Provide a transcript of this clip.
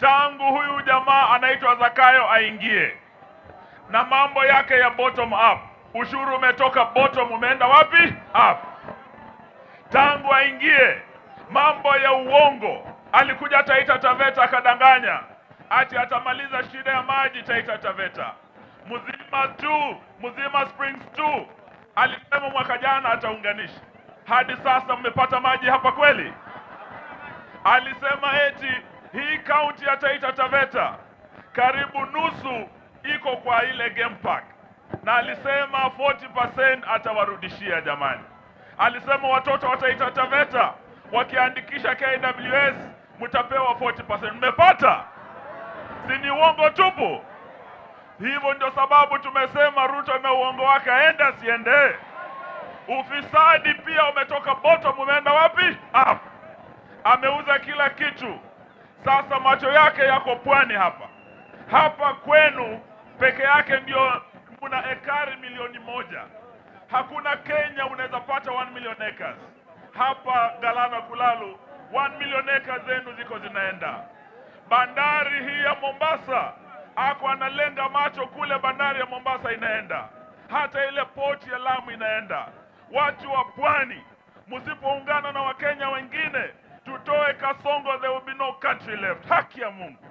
tangu huyu jamaa anaitwa Zakayo aingie na mambo yake ya bottom up. Ushuru umetoka bottom, umeenda wapi? Up. Tangu aingie mambo ya uongo. Alikuja Taita Taveta akadanganya ati atamaliza shida ya maji Taita Taveta, Mzima tu Mzima Springs tu alisema mwaka jana ataunganisha. Hadi sasa mmepata maji hapa kweli? Alisema eti hii kaunti ya Taita Taveta karibu nusu iko kwa ile game park, na alisema 40% atawarudishia. Jamani, alisema watoto wa Taita Taveta wakiandikisha KWS mtapewa 40%. Mmepata? Si ni uongo tupu? Hivyo ndio sababu tumesema Ruto na uongo wake aende siende. Ufisadi pia umetoka bottom, umeenda wapi? Ameuza kila kitu sasa macho yake yako pwani hapa hapa kwenu peke yake ndio kuna ekari milioni moja. Hakuna Kenya unaweza pata 1 million acres. Hapa Galana Kulalu 1 million acres zenu ziko zinaenda. Bandari hii ya Mombasa ako analenga macho kule, bandari ya Mombasa inaenda, hata ile poti ya Lamu inaenda. Watu wa pwani, msipoungana na Wakenya wengine Kasongo, there will be no country left. Haki Mungu.